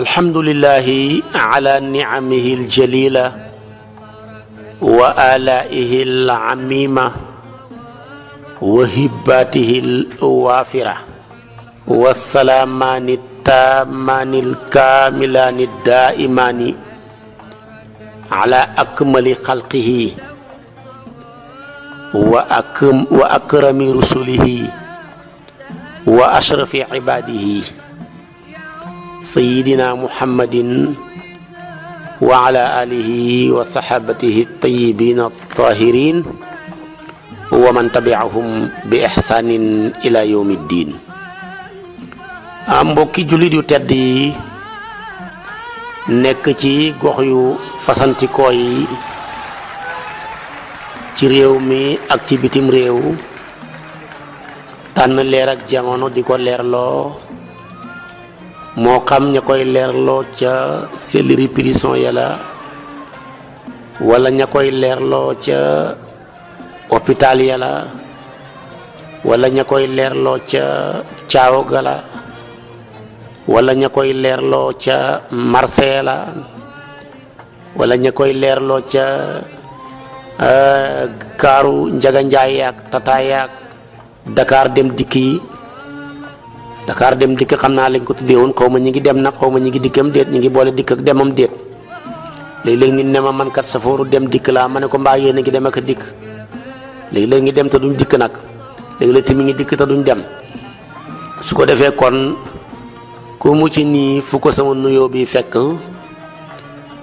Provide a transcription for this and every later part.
الحمد لله على نعمه الجليلة وآلائه العميمة وهباته الوافرة والسلامان التامان الكاملان الدائمان على أكمل خلقه وأكرم رسله وأشرف عباده sayidina muhammadin wa ala wa saxaabatihi tayibiina wa man tabiahum bi ixsaanin ila yawmi ddiin mbokki jullit yu tedd yi nekk ci gox yu fasantikoo yi ci réew mi ak ci bitim réew tànn leer ak jamono di ko leerloo moo xam ña koy leerloo ca selleri prison ya la wala ña koy leerloo ca hôpital ya la wala ña koy leerloo ca caawa gala la wala ña koy leerloo ca marse ya la wala ña koy leerloo ca euh, kaaru njaganjaay yaak tataay yaak Dakar dem dikk yi Dakar dem dik xamna lañ ko tuddee won xawma ñi ngi dem nak xawma ñi ngi dikam deet ñi ngi boole dik ak demam deet léeg nit nema man kat safooru dem dik la mané ko mbaa yéen ngi dem ak dik léeg-léeg ngi dem ta duñ dik nak léeg-léeg timi ngi dik ta duñ dem su ko kon ku mu ci ni fu ko sama nuyo bi fekk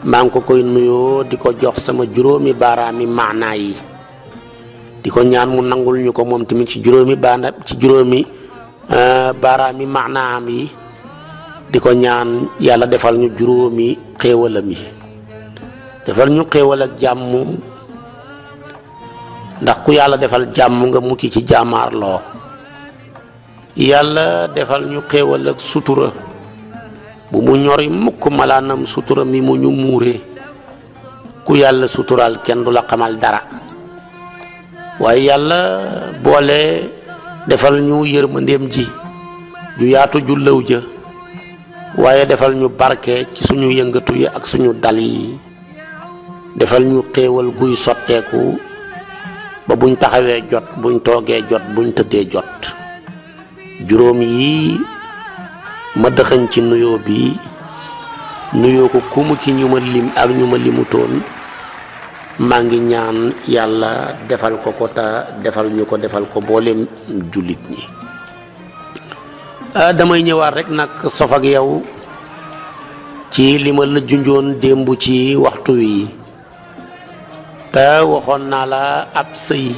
maa ngi ko koy nuyo di ko jox sama juróomi baaraami maanaa yi di ko ñaan mu nangul ñu ko moom tamit ci juróomi baana ci juróomi Euh, baaraami maanaam yi di ko ñaan yàlla defal ñu juróomi xéewalam yi defal ñu xéewalak ak jàmm ndax ku yàlla defal jàmm nga mucc ci jàmmaarloo yàlla defal ñu xéewal sutura bu mu ñori mukk malaanam sutura mi mu ñu muuree ku yàlla suturaal kenn du la xamal dara waaye yàlla boole defal ñu yërmandeem ji ju yaatu ju lëw ja waaye defal ñu barke ci suñu yëngatu yi ak suñu dal yi defal ñu xéewal guy sotteeku ba buñ taxawee jot buñ toogee jot buñ tëddee jot juróom yi ma dëxañ ci nuyoo bi nuyoo ko kumu ci ñu ma lim ak ñu ma limutoon maa ngi ñaan yàlla defal ko ko te defal ñu ko defal ko mboolem jullit ñi ah, damay ñëwaat rekk nag sof ak yow ci li ma la junjoon démb ci waxtu wi te waxoon naa la ab sëy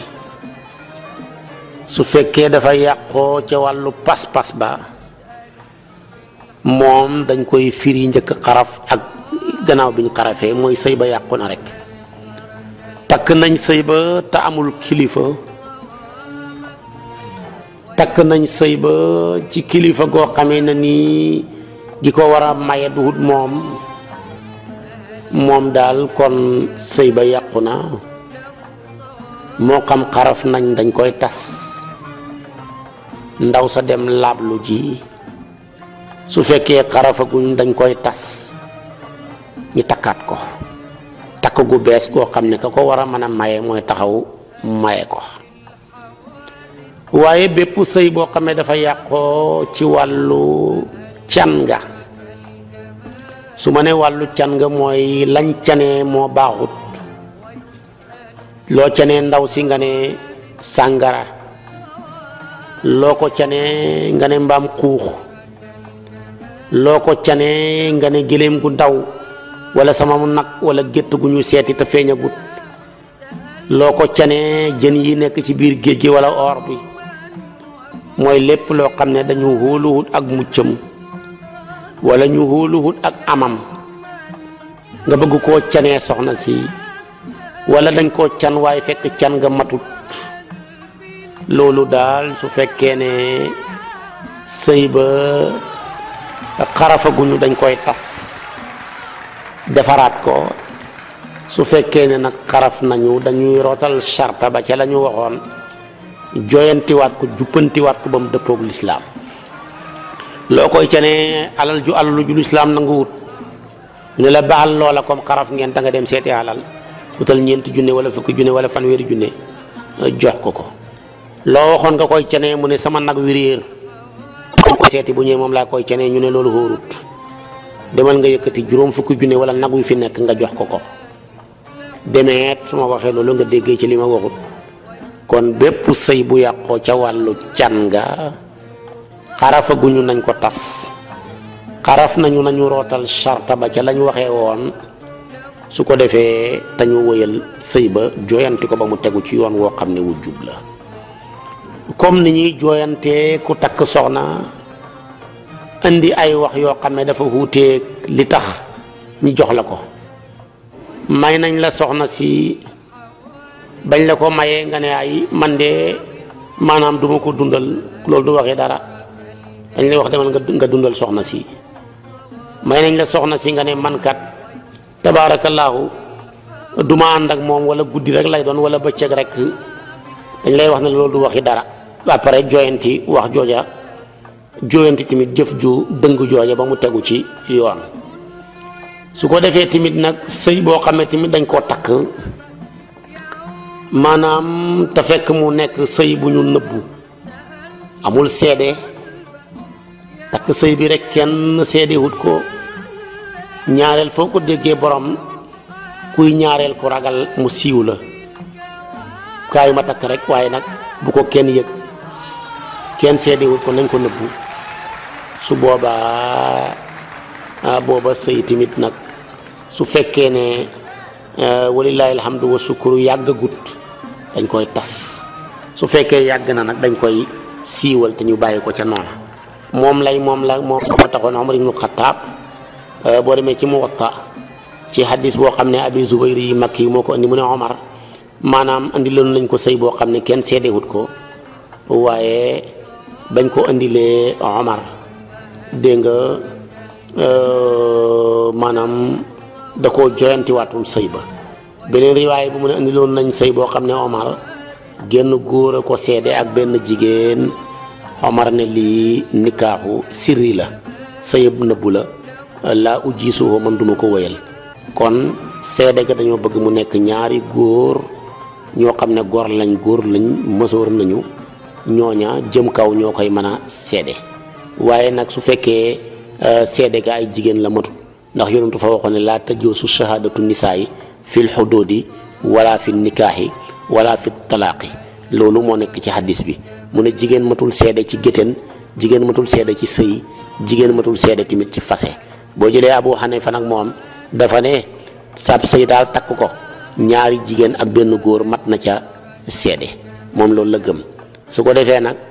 su fekkee dafa yàqoo ca wàllu pas-pas ba moom dañ koy firi njëkk xaraf ak gannaaw biñ xarafee mooy sëy ba yàqu na rek Tak nañ sey ba ta amul khalifa tak nañ sey ba ci khalifa go xamé na ni gi wara maye duhut mom mom dal kon sey ba yàqu mo kam xam xaraf nañ dañ koy tas ndaw sa dem lablu ji su fekkee xarafaguñ dañ koy tas ñu takkaat ko takk gu bes go xamne ne ka ko wara mana maye moy taxaw maye ko waye bepp sey bo xamne dafa yakko ci walu can nga su ma ne wàllu can nga lañ canee mo baxut lo canee ndaw si nga ne sangara loko ko nga ne mbaam xuux loo gu ndaw wala sama mu nag wala gétt gu ñu seeti te feeñagut loo ko canee jën yi nekk ci biir géej gi wala or bi mooy lépp loo xam ne dañu hóoluhut ak muccam wala ñu hóoluhut ak amam nga bëgg koo canee soxna si wala dañ koo can waaye fekk can nga matut loolu daal su fekkee ne sëy xarafaguñu dañ koy tas defaraat ko su fekkee ne nag xaraf nañu dañuy rotal charta ba ca la ñu waxoon joyantiwaat ko juppantiwaat ko ba mu dëppoog lislaam loo koy ca ne alal ju alalu ju lislaam nanguwut ne la baal loola comme xaraf ngeen da nga dem seeti alal wutal ñeenti junne wala fukki junne wala fanweeri junne jox ko ko loo waxoon nga koy cenee mu ne sama nag wi réer seeti bu ñëwee moom laa koy cenee ñu ne loolu hóorut demal nga yëkkati juróom fukki junne wala nag yu fi nekk nga jox ko ko demeet su ma waxee loolu nga déggee ci li ma waxut kon bépp sëy bu yàqoo ca wàllu can nga xarafaguñu nañ ko tas xaraf nañu nañu rootal charte ba ca lañu waxee woon su ko defee te ñu wëyal sëy ba jooyanti ko ba mu tegu ci yoon woo xam ne wu jub la comme ni ñuy jooyantee ku takk soxna indi ay wax yoo xam ne dafa wuuteeg li tax ñu jox la ko may nañ la soxna si bañ la ko mayee nga ne ay man de maanaam duma ko dundal loolu du waxee dara dañ lay wax demal nga dundal soxna si may nañ la soxna si nga ne mankat kat tabaarakallaahu duma ànd ak moom wala guddi rek lay doon wala bëccëg rek dañ lay wax ne loolu du waxi dara après joyanti wax jooja jooyanti tamit jëf ju dëng jooja ba mu tegu ci yoon su ko defee tamit nag sëy boo xam ne tamit dañ koo takk maanaam te fekk mu nekk sëy bu ñu nëbbu amul seede takk sëy bi rek kenn seede wut ko ñaareel foo ko déggee borom kuy ñaareel ku ragal mu siiw la kaayu ma takk rek waaye nag bu ko kenn yëg kenn seede wut ko nañ ko nëbbu su boobaa ah, booba sëy tamit nag su fekkee ne eh, walillaahi alhamdu wa yàgg yàggagut dañ koy tas su fekkee yàgg na nag dañ koy siiwal te ñu bàyyi ko ca noona moom lay moom la moom moo taxoon Omar ibnu Xataab eh, boo demee ci Muwatta ci hadis boo xam ne abi Zubayr mag yi moo ko andi mu ne Omar maanaam andi loon nañ ko sëy boo xam ne kenn seedewut ko waaye bañ ko andilee Omar dégg nga euh, maanaam da koo joyantiwaatum sëy ba beneen riwaay bu mu ne indiloon nañ sëy boo xam ne Omar genn góor a ko seede ak benn jigéen Omar ne lii nikaaxu sirri la sëyëb nëbbu la laa ujjisuwoo man duma ko wéyal kon seede ga dañoo bëgg mu nekk ñaari góor ñoo xam ne góor lañ góor lañ mësoor nañu ñooña jëm kaw ñoo koy mën a seede waaye nag su fekkee euh, seede ka ay jigéen la matul ndax yonentu fa waxoon ne laa tajoosu shahaadatu nisaayi fil xuduudi wala fi nikaaxi wala fi talaaqi loolu moo nekk ci xaddis bi mu ne jigéen matul seede ci géttéen jigéen matul seede ci sëy jigéen matul seede tamit ci fase boo jëlee Abu Xanifa nag moom dafa ne sab sëy daal takk ko ñaari jigéen ak benn góor mat na ca seede moom loolu la gëm su ko defee nag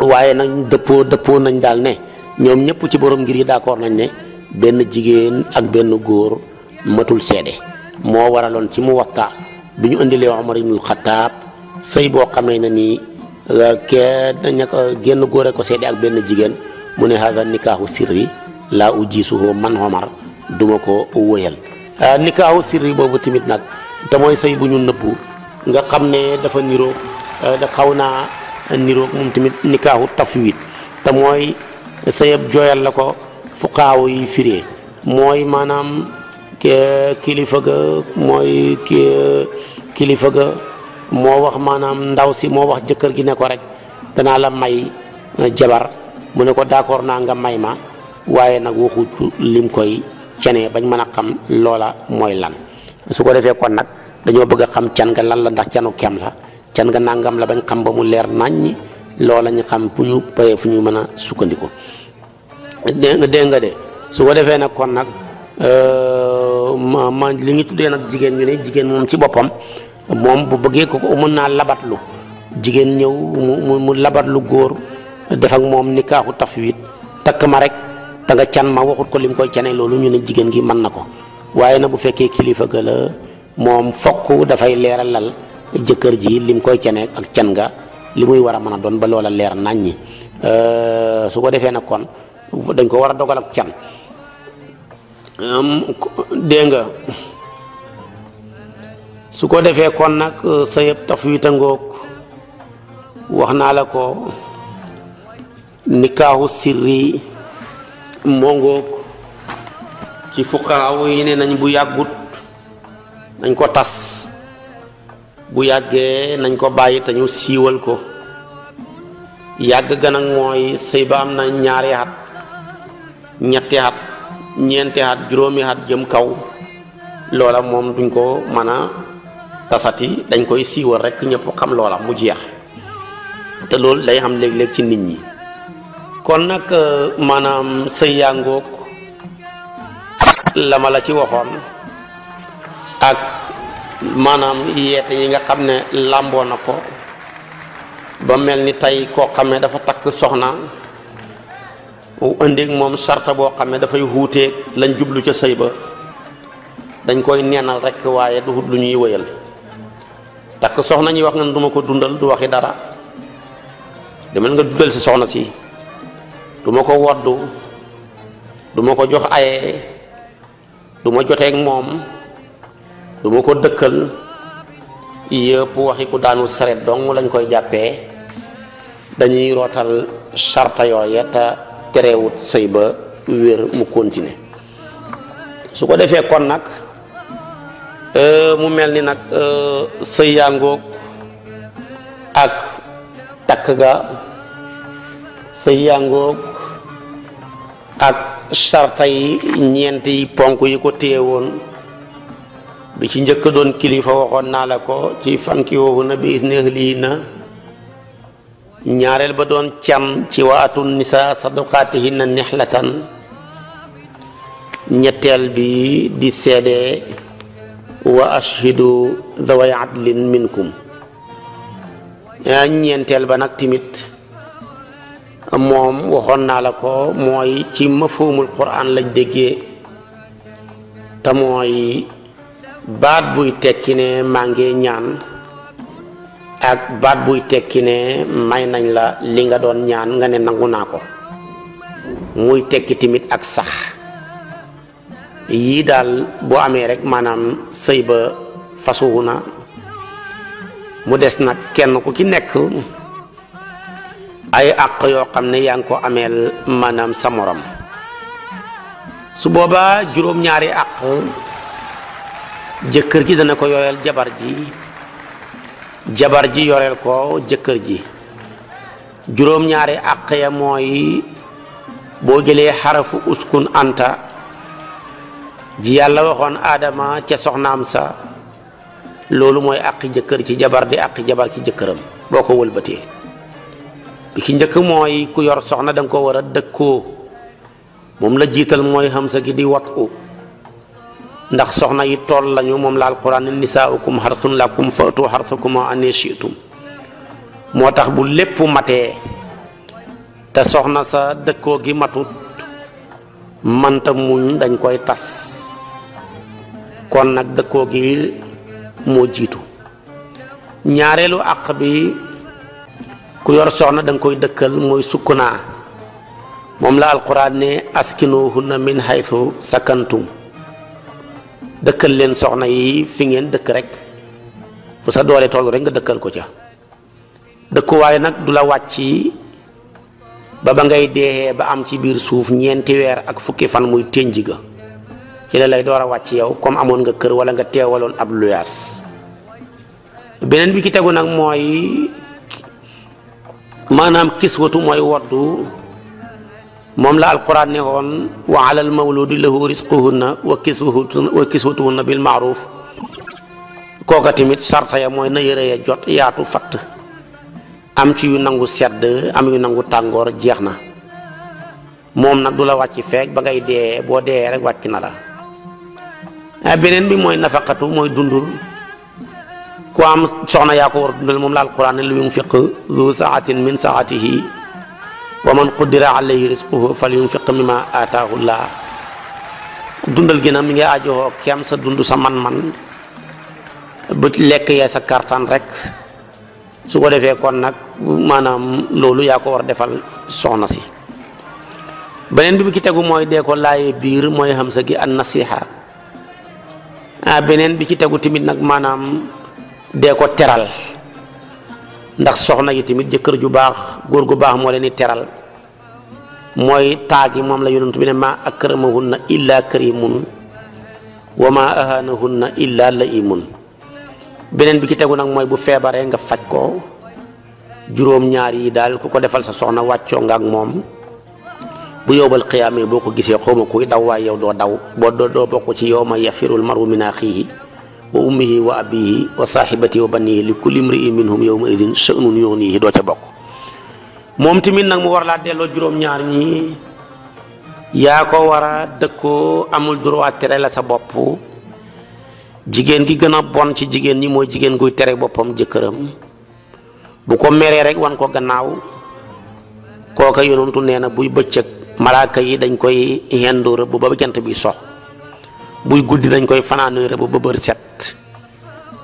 waaye nañ dëppoo dëppoo nañ daal ne ñoom ñëpp ci boroom ngir yi d'accord nañ ne benn jigéen ak benn góor matul seede moo waraloon ci mu waxta bi ñu indilee Omar ibnul Xataab sëy boo xamee na nii euh, kenn ña ko génn góore ko seede ak benn jigéen mu ne hada nikaahu sirri laa ujiisuhu man Omar duma ko wóyal euh, nikaahu sirri boobu tamit nag te mooy sëy bu ñu nëbbu nga xam ne dafa niroo euh, xaw naa niroog moom tamit nikaahu tafwid te mooy sëyab jooyal la ko fu fuqaaw yi firee mooy maanaam kilifa ga mooy kilifa ga moo wax maanaam ndaw si moo wax jëkkër gi ne ko rek danaa la may eh, jabar mu ne ko d'accord naa nga may ma waaye nag waxu lim koy cenee bañ mën a xam loola mooy lan su ko defee kon nag dañoo bëgg a xam cen nga lan la ndax canu kem la can nga nangam la bañ xam ba mu leer nañ loola ñu xam puñu paye fuñu mëna sukkandiko a sukkandiku dégg de su ko defee nak kon nak euh, ma ma li ngi tuddee nak jigen ñu né jigen mom ci bopam mom bu bëggé ko ko mëna naa labatlu jigen ñew mu mu labatlu goor def ak mom nikahu tafwid tak ma rek ta nga can ma waxut ko lim koy cane loolu ñu né jigen gi man na wayé na bu féké kilifa ga la fokku da fay jëkër ji lim koy cene ak can ga li muy wara mëna doon ba loola leer nañ ñi euh, su ko defee nak kon dañ ko wara dogal ak am dégg nga su ko defee kon nak euh, sa tafwita ngok waxna la ko nikahu sirri ngok ci fuqaa yi ne nañ bu yagut dañ ko tass bu yàggee nañ ko bàyyi te ñu siiwal ko yàgg gën ak mooy sëy ba am na ñaari at ñetti at ñeenti at juróomi at jëm kaw loola moom duñ ko mën a tasati dañ koy siiwal rekk ñépp xam loola mu jeex te loolu day xam léeg-léeg ci nit ñi kon nag euh, maanaam sëy yaa ngoog la ci waxoon ak maanaam yeete yi nga xam ne làmboo na ko ba mel ni tey koo xam ne dafa takk soxna indéeg moom sarta boo xam ne dafay wuuteeg lañ jublu ca sëy ba dañ koy neenal rek waaye du lu ñuy wëyal takk soxna ñuy wax nga ne duma ko dundal du waxi dara demal nga dundal si soxna si duma ko woddu duma ko jox aye duma joteek moom du ma ko dëkkal yëpp waxi ku daanu saret dong lañ koy jàppee dañuy rootal sarta yooya te terewut sëy ba wér mu continuer su ko defee kon nag e, mu mel ni nag e, sëy yaa ak takk ga sëy yaa ngoog ak sarta yi ñeenti ponk yi ko téye woon bi ci njëkk doon kilifa waxoon naa la ko ci fanki woowu na bi isni ahlihinna ñaareel ba doon cam ci wa atu nisa sadaqatihinna nihlatan ñetteel bi di seede wa ashhidu dhaway adlin minkum ñeenteel ba nag timit moom waxoon naa la ko mooy ci mafhumul quran lañ déggee te mooy baat buy tekki ne maa ngi ñaan ak baat buy tekki ne may nañ la li nga doon ñaan nga ne nangu naa ko muy tekki tamit ak sax yii daal boo amee rek maanaam sëy ba fasuwu na mu des nag kenn ku ci nekk ay àq yoo xam ne yaa ngi ko ameel maanaam sa morom su boobaa juróom-ñaari àq jëkkër ji dana ko yoreel jabar ji jabar ji yoreel ko jëkkër ji juróom-ñaari àq ya mooy boo jëlee xarafu uskun anta ji yàlla waxoon aadama ca am sa loolu mooy àqi jëkkër ci jabar di àqi jabar ci jëkkëram boo ko wëlbatee bi ki njëkk mooy ku yor soxna danga ko war a dëkkoo moom la jiital mooy xam sa gi di wat u ndax soxna yi tool lañu moom la alquran ne nisaaukum xarsun lakum fatu xarsakum anni shi'tum moo tax bu lépp matee te soxna sa dëkkoo gi matut manta muñ dañ koy tas kon nag dëkkoo gi moo jiitu ñaareelu àq bi ku yor soxna da koy dëkkal mooy sukkunaa moom la alquran ne askinuhunna min haythu sakantum dëkkal leen soxna yi fi ngeen dëkk rek bu sa doole toll rek nga dëkkal ko ca dëkkuwaay nag du la wàcc ba ba ngay deexee ba am ci biir suuf ñeenti weer ak fukki fan muy ténj ga ci la lay door a wàcc yow comme amoon nga kër wala nga teewaloon ab luyaas beneen bi ci tegu nag mooy maanaam kiswatu mooy woddu moom la alquran ne woon wa alal mawludi lahu risquhunna wa kiswatuhunna wa kiswatuhunna bil maaruf kooka tamit sarta ya mooy na yëre ya jot yaatu fatt am ci yu nangu sedd am yu nangu tàngoor jeex na moom nag du la wàcc feek ba ngay dee boo dee rek wàcc na la a beneen bi mooy nafaqatu mooy dundul ku am soxna yaa ko war dundal moom la alquran ne lu yunfiq du saatin min saatihi wa man qudira alayhi rizquhu falyunfiq mimma ataahu Allah dundal gi na mi ngi ho kiam sa dundu sa man-man bu lek ya sa kartan rek su ko defé kon nak manam loolu ya ko war defal soxna si benen bi ah, bi ci tegu moy de ko laye bir moy xam sa gi an nasiha ah benen bi ci tegu timit nak manam de ko teral ndax soxna yi tamit jëkkër ju baax góor gu baax moo leen di teral mooy taagi moom la yonent bi ne maa akramahunna illa karimun wa maa ahanahunna illa laimun beneen bi ci tegu nag mooy bu feebaree nga faj ko juróom-ñaar yi daal ku ko defal sa soxna wàccoo nga ak moom bu yowbal xiyaamee boo ko gisee xawma kuy daw waaye yow doo daw boo doo bokk ci yow ma yafirul maru min wa ummihi wa abihi wa sahibati wa bani li kulli imri'in minhum yawma idhin sha'nun yughnihi do ca bok mom timin nak mu war la delo jurom ñaar ñi ya ko wara dekko amul droit tere la sa bop jigen gi gëna bon ci jigen ñi moy jigen guy tere bopam jëkërëm bu ko méré rek wan ko gannaaw koka yonuntu neena buy beccëk malaaka yi dañ koy yendu bu ba jant bi sox buy guddi dañ koy fanaanu rebu bu set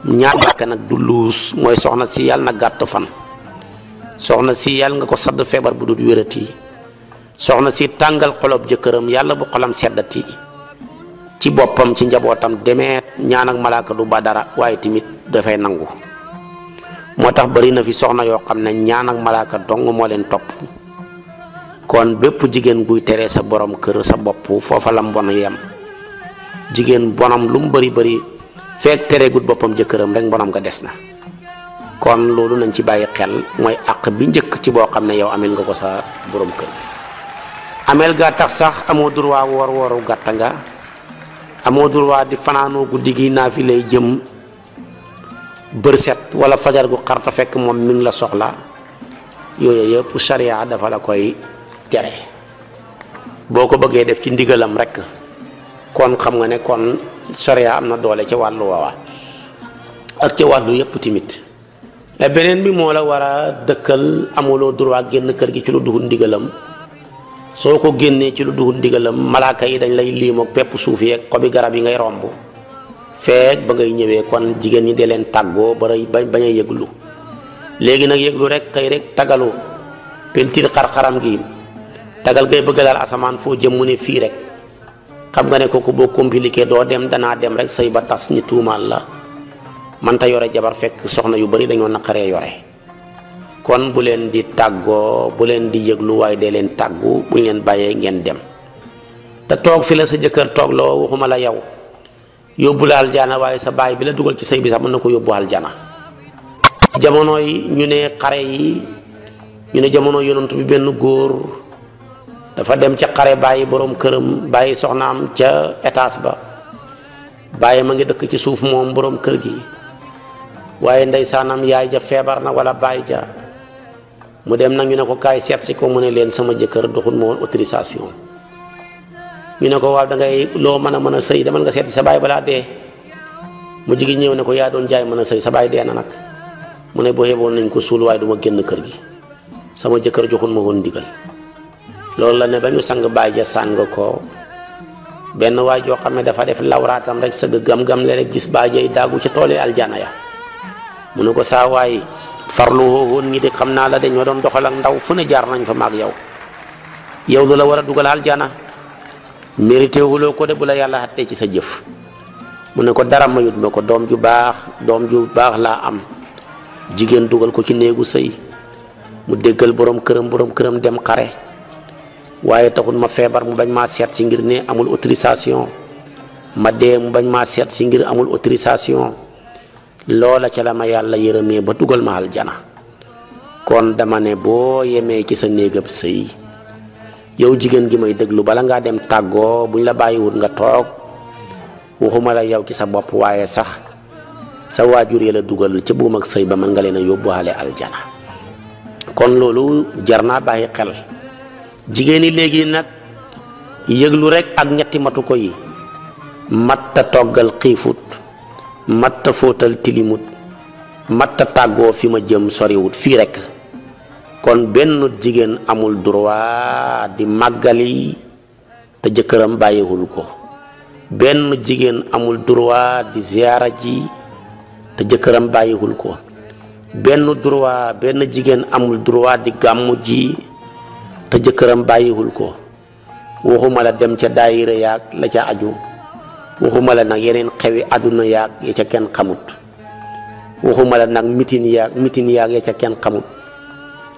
ñaar barke nag du luus mooy soxna si yàlla na gàtt fan soxna si yàlla nga ko sadd feebar bu dul wérati soxna si tàngal xolob jëkkëram yàlla bu xolam seddati ci boppam ci njabootam demeet ñaan ak malaaka du ba dara waaye tamit dafay nangu moo tax bari na fi soxna yoo xam ne ñaan ak malaaka dong moo leen topp kon bépp jigéen buy tere sa borom kër sa bopp foofa la mbon yem jigéen bonam lu mu bari bari feek tereegut boppam jëkkëram rek mbonam nga des na kon loolu nañ ci bàyyi xel mooy àq bi njëkk ci boo xam ne yow amel nga ko sa borom kër bi amel ga tax sax amoo droit woor wooru gàtta nga amoo droit di fanaanoo guddi gi naa fi lay jëm bër set wala fajar gu xarta fekk moom mi la soxla yooyu yëpp sharia dafa la koy tere boo ko bëggee def ci ndigalam rekk kon xam nga ne kon charia am na doole ci wàllu woowa ak ci wàllu yëpp tamit beneen bi moo la war a dëkkal amuloo droit génn kër gi ci lu duhul ndigalam soo ko génnee ci lu duhul ndigalam malaaka yi dañ lay liim ak pepp suuf yeeg xobi garab yi ngay romb feeg ba ngay ñëwee kon jigéen ñi de leen tàggoo ba bañ a yëglu léegi nag yëglu rek kay rek tagalu pentir xar-xaram gi tagal ngay bëgg daal asamaan foo jëm mu ne fii rek xam nga ne kooku boo compliqué doo dem danaa dem rek say ba tas ñi tuumaal la mënta yore jabar fekk soxna yu bari dañoo naqaree yore kon bu leen di tàggoo bu leen di yëglu waaye dee leen tàggu buñ leen bàyyee ngeen dem te toog fi la sa jëkkër toog loo waxuma la yow yóbbu la aljana waaye sa baay bi la dugal ci sëy bi sax mën na ko yóbbu aljana jamono ñu ne xare yi ñu ne jamono yonent bi benn góor dafa dem ca xare bàyyi boroom këram bàyyi soxnaam ca étage ba bàyyi ma ngi dëkk ci suuf moom boroom kër gi waaye ndeysaanam yaay ja feebar na walla bàyyi ja mu dem nag ñu ne ko kaay seet si ko mu ne leen sama jëkkër doxul ma autorisation ñu ne ko waaw da ngay loo mën a mën a sëy demal nga seeti sa baay balaa dee mu jigi ñëw ne yaa doon jaay mën a sëy sa baay dee na nag mu ne boo yeboon nañ ko suul waaye du ma génn kër gi sama jëkkër joxul ma woon ndigal loolu la ne ba ñu sang baaja ja sàng ko benn waay joo xam ne dafa def lawraatam rek sëgg gam-gam le rek gis baay jay daagu ci tooli aljana ya mu ne ko saa waay farlu woowoon ñi di xam naa la dañoo doon doxal ak ndaw fu ne jaar nañ fa maag yow yow lu la war a dugal aljana mérité wuloo ko de bu la yàlla te ci sa jëf mu ne ko dara mayut ma ko doom ju baax doom ju baax laa am jigéen dugal ko ci néegu sëy mu déggal borom këram borom këram dem xare waaye taxul ma feebar mu bañ maa seet si ngir ne amul autorisation ma dee mu bañ maa seet si ngir amul autorisation loola ca la ma yàlla yërëmee ba dugal ma aljana kon dama boo yemee ci sa néegab sëy yow jigéen gi may déglu bala ngaa dem tàggoo buñ la bàyyiwut nga toog waxuma la yow ci sa bopp waaye sax sa waajur ya la dugal ca buum ak ba mën nga leen a yóbbuwaale aljana kon loolu jar naa bàyyi xel jigéen ñi léegi nag yëglu rekk ak ñetti matu ko yi matta toggal xiifut matta fóotal tilimut matta tàggoo fi ma jëm soriwut fii rekk kon benn jigéen amul droit di màggali te jëkkëram bàyyiwul ko benn jigéen amul droit di ziyaara ji te jëkkëram bàyyiwul ko benn droit benn jigéen amul droit di gàmmu ji te jëkkëram bàyyiwul ko waxuma la dem ca daayira yaag la ca aju waxuma la nag yeneen xewi àdduna yaag ya ca kenn xamut waxuma la nag mitin mitin yaag ya ca kenn xamut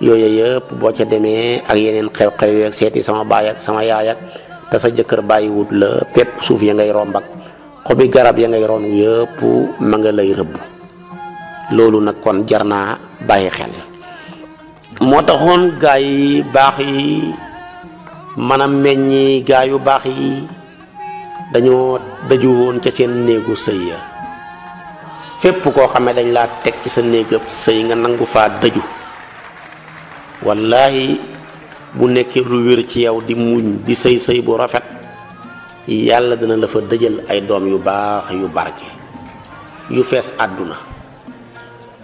yooyu yëpp boo ca demee ak yeneen xew-xew yeeg seeti sama baay ak sama yaay ak te sa jëkkër bàyyiwut la pepp suuf ya ngay romb xobi garab ya ngay ron yëpp ma lay rëbb loolu nag kon jar naa bàyyi xel moo taxoon gaa yi baax yi maanaam meññi gaa yu baax yi dañoo daju woon ca seen néegu sëy ya fépp koo xamee dañ laa teg ci sa néegab sëy nga nangu faa daju wallaahi bu nekkee lu wér ci yow di muñ di sëy sëy bu rafet yàlla dina la fa dëjal ay doom yu baax yu barke yu fees àdduna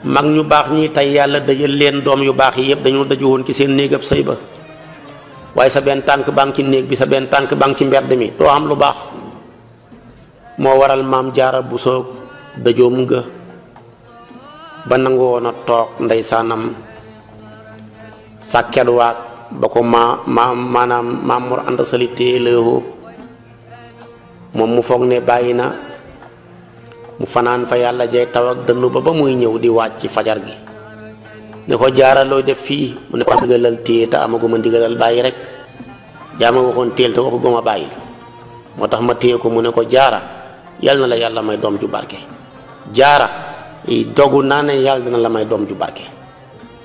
mag ñu baax ñi tey yàlla dëjal leen doom yu baax yi yëpp dañoo dëju woon ci seen néegab sëy ba waaye sa benn tànk baa ngi ci néeg bi sa benn tànk baa ngi ci mbedd mi doo am lu baax moo waral maam jaara bu soog dëjoom nga ba nangu woon a toog ndeysaanam sàkket waag ba ko ma ma maanaam maam Mor Anta Sali téelewoo moom mu foog ne bàyyi na mu fanaan fa yàlla jeey taw ak dënnu ba ba muy ñëw di wàcc ci fajar gi ne ko jaara looy def fii mu ne ko am ndigalal téye te amaguma ndigalal bàyyi rek yaa ma waxoon téel te waxuguma bàyyi moo tax ma téye ko mu ne ko jaara yal na la yàlla may doom ju barke jaara dogu naa ne yàlla dina la may doom ju barke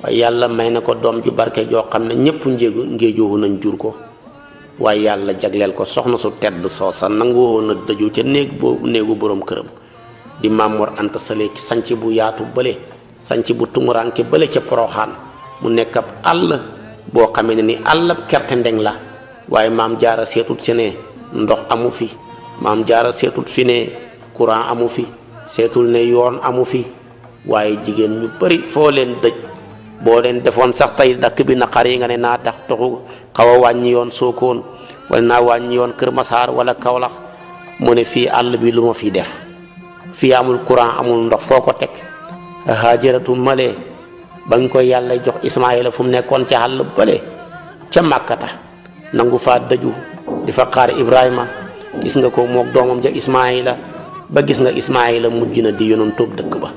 waaye yàlla may na ko doom ju barke joo xam ne ñépp njéegu ngéejoowu nañ jur ko waaye yàlla jagleel ko soxna su tedd soosa nangu woon na dëju ca néeg néegu boroom këram di mamor anta sele ci sanc bu yaatu bele sanc bu tumuranke bele ci proxan mu nekk ab àll boo xamee ne ni àllab kerté ndeng la waye mam jaara seetut ci ne ndox amu fi mam jaara seetut fi ne courant amu fi setul ne yoon amu fi waye jigen ñu bari fo len dëj bo len defon sax tay dak bi naqar nga ne na tax xawa wañ yoon sokon wala na wañ yoon keur masar wala kawlax mo ne fi all bi luma fi def fii amul courant amul ndox foo ko teg male ba bañ koy yàlla jox ismaila fu mu nekkoon ca xàll bële ca màkkata nangu faa dëju di fa xaar ibrahima gis nga ko mook doomam ja ismaila ba gis nga ismaila mujj na di yonantub dëkk ba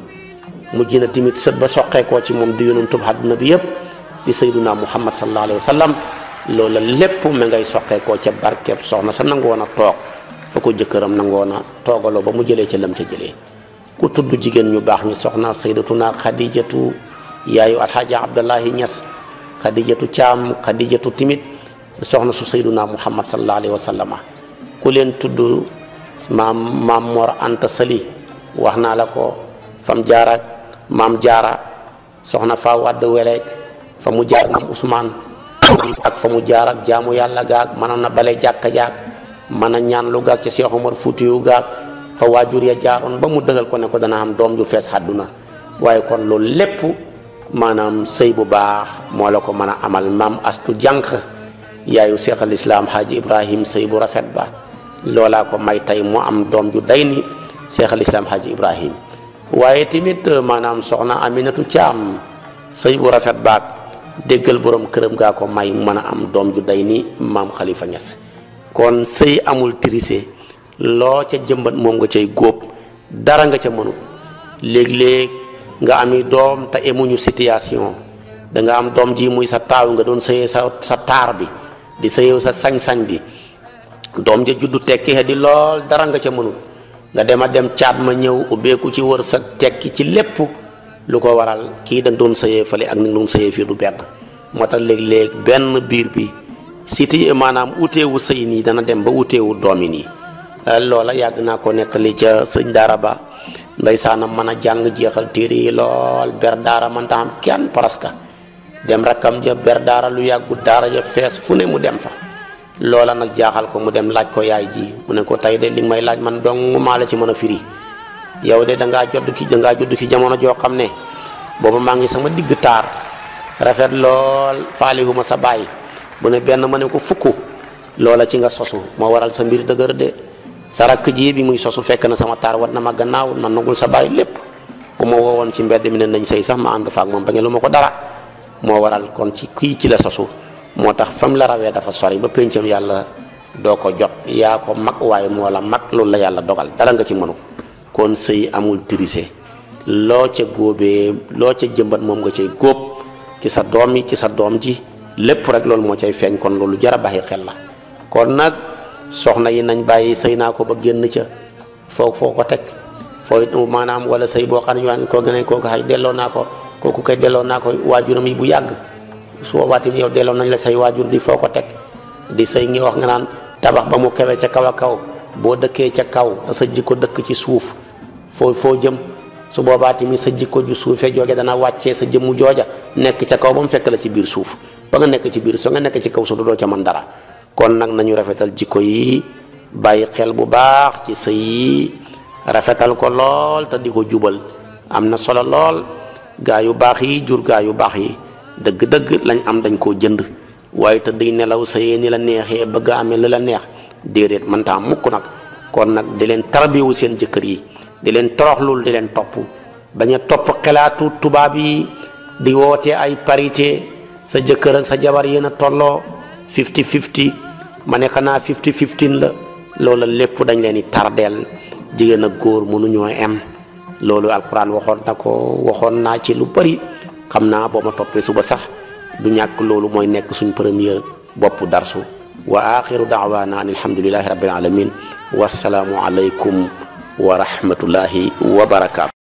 mujj na tamit sët ba soqeekoo ci moom di yonantub àdduna bi yépp di sayduna muhammad sallallahu alayhi wa sallam loola lépp ma ngay soqeekoo ca barkeb soxna sa nangoon a toog fuko jëkëram na nangoona toogaloo ba mu jëlé ci lam ci jëlé ku tuddu jigen ñu bax ñu soxna sayyidatuna khadijatu yaayu alhaji abdallahi ñas khadijatu cham khadijatu timit soxna su sayyiduna muhammad Sallallahu alaihi wasallam ku leen tuddu mam mam mor anta sali waxna la ko fam jaara mam jaara soxna fa wàdd fa jaar usman ak fa mu jaar ak jaamu yalla gaak na jakka jakka mana ñaan lu gaak ci cheikh omar fouti yu gaak fa wajur ya jaaron ba mu dëgal ko ne ko dana am dom ju fess haduna waye kon lo lepp manam sey bu baax mo la ko amal mam astu jank yaayu cheikh al islam Haji ibrahim sey bu rafet ba lola ko may tay mo am dom ju dayni cheikh al islam Haji ibrahim waye timit manam soxna aminatu cham sey bu rafet ba déggal borom kërëm ga ko may am dom ju mam mam khalifa kon sey amul tirisé lo ca jëmbat mom nga cey gop dara nga ca mënu léeg-léeg nga ami dom ta emuñu situation da nga am dom ji muy sa taw nga don sey sa sa bi di sey sa sañ-sañ bi dom ja juddu tekki di lol dara nga ca mënu nga dema dem chat ma ñëw ku ci wërsëg tekki ci lépp lu ko waral ki da doon sëyee fale ak ni don sey fi du benn moo tax léeg benn bi siti maanaam uteewu sëy nii dana dem ba uteewu doomi nii euh, loola yàgg naa ko nekkali ca sëñ daara ba ndeysaanam mën a jàng jeexal téere yi lool ber daara man ta am kenn presque dem rakkam ja ber daara lu yàggu daara ja fees fu ne mu dem fa loola nag jaaxal ko mu dem laaj ko yaay ji mu ne ko tey de li may laaj man dong maa la ci mën a firi yow de da ngaa jodd ki da ngaa jodd ki jamono joo xam ne booba maa ngi sama digg taar rafet lool faalihuma sa bàyyi mu ne benn ma ne ko fukk loola ci nga sosu moo waral sa mbir dëgër de sa rakk ji bi muy sosu fekk na sama taar wat na ma gannaaw na nagul sa baay lépp bu ma woowoon ci mbedd mi ne nañ sëy sax ma ànd ak moom ba ngeen lu ma ko dara moo waral kon ci kii ci la sosu moo tax fam la rawee dafa sori ba péncam yàlla doo ko jot yaa ko mag waaye moo la mag loolu la yàlla dogal dara nga ci mënu kon sëy amul tirise loo ca góobee loo ca jëmbat moom nga cay góob ci sa doom yi ci sa doom ji lépp rek loolu moo cay feeñ kon loolu jar a bàyyi xel la kon nag soxna yi nañ bàyyi sëy naa ko ba génn ca foo foo ko teg foo maanaam wala sëy boo xam ne waa ngi koo gën a kooku xay delloo naa ko kooku kay delloo naa ko waajuram yi bu yàgg su boobaa tamit yow delloo nañ la say waajur di foo ko teg di sëy ngi wax nga naan tabax ba mu kawe ca kaw a kaw boo dëkkee ca kaw te sa jikko dëkk ci suuf foo foo jëm su boba timi sa jikko ju suufé jogé dana waccé sa jëmmu jojja nek ci kaw bam fekk la ci bir suuf ba nga nek ci bir so nga nek ci kaw su do ci man dara kon nak nañu rafetal jikko yi bayyi xel bu baax ci sey rafetal ko lol ta diko jubal amna solo lol gaa yu baax yi jur gaa yu baax yi deug deug lañ am dañ ko jënd waye te day nelaw sëyee ni la nexé bëgg amé la nex dédét man ta mukk nak kon nak di len tarbiwu seen jëkër yi di leen toroxlul di leen topp bañ a topp xelaatu tubaab yi di woote ay parité sa jëkkër ak sa jabar yéen a tolloo fifty fifty ma ne xanaa fifty fifteen la loola lépp dañ leen di tardeel jigéen ak góor mënuñoo em loolu alquran waxoon na ko waxoon naa ci lu bari xam naa boo ma toppee suba sax du ñàkk loolu mooy nekk suñ première bopp darsu wa axiru daawaana an alhamdulilahi rabbil alamin wasalaamu aleykum ورحمة الله وبركاته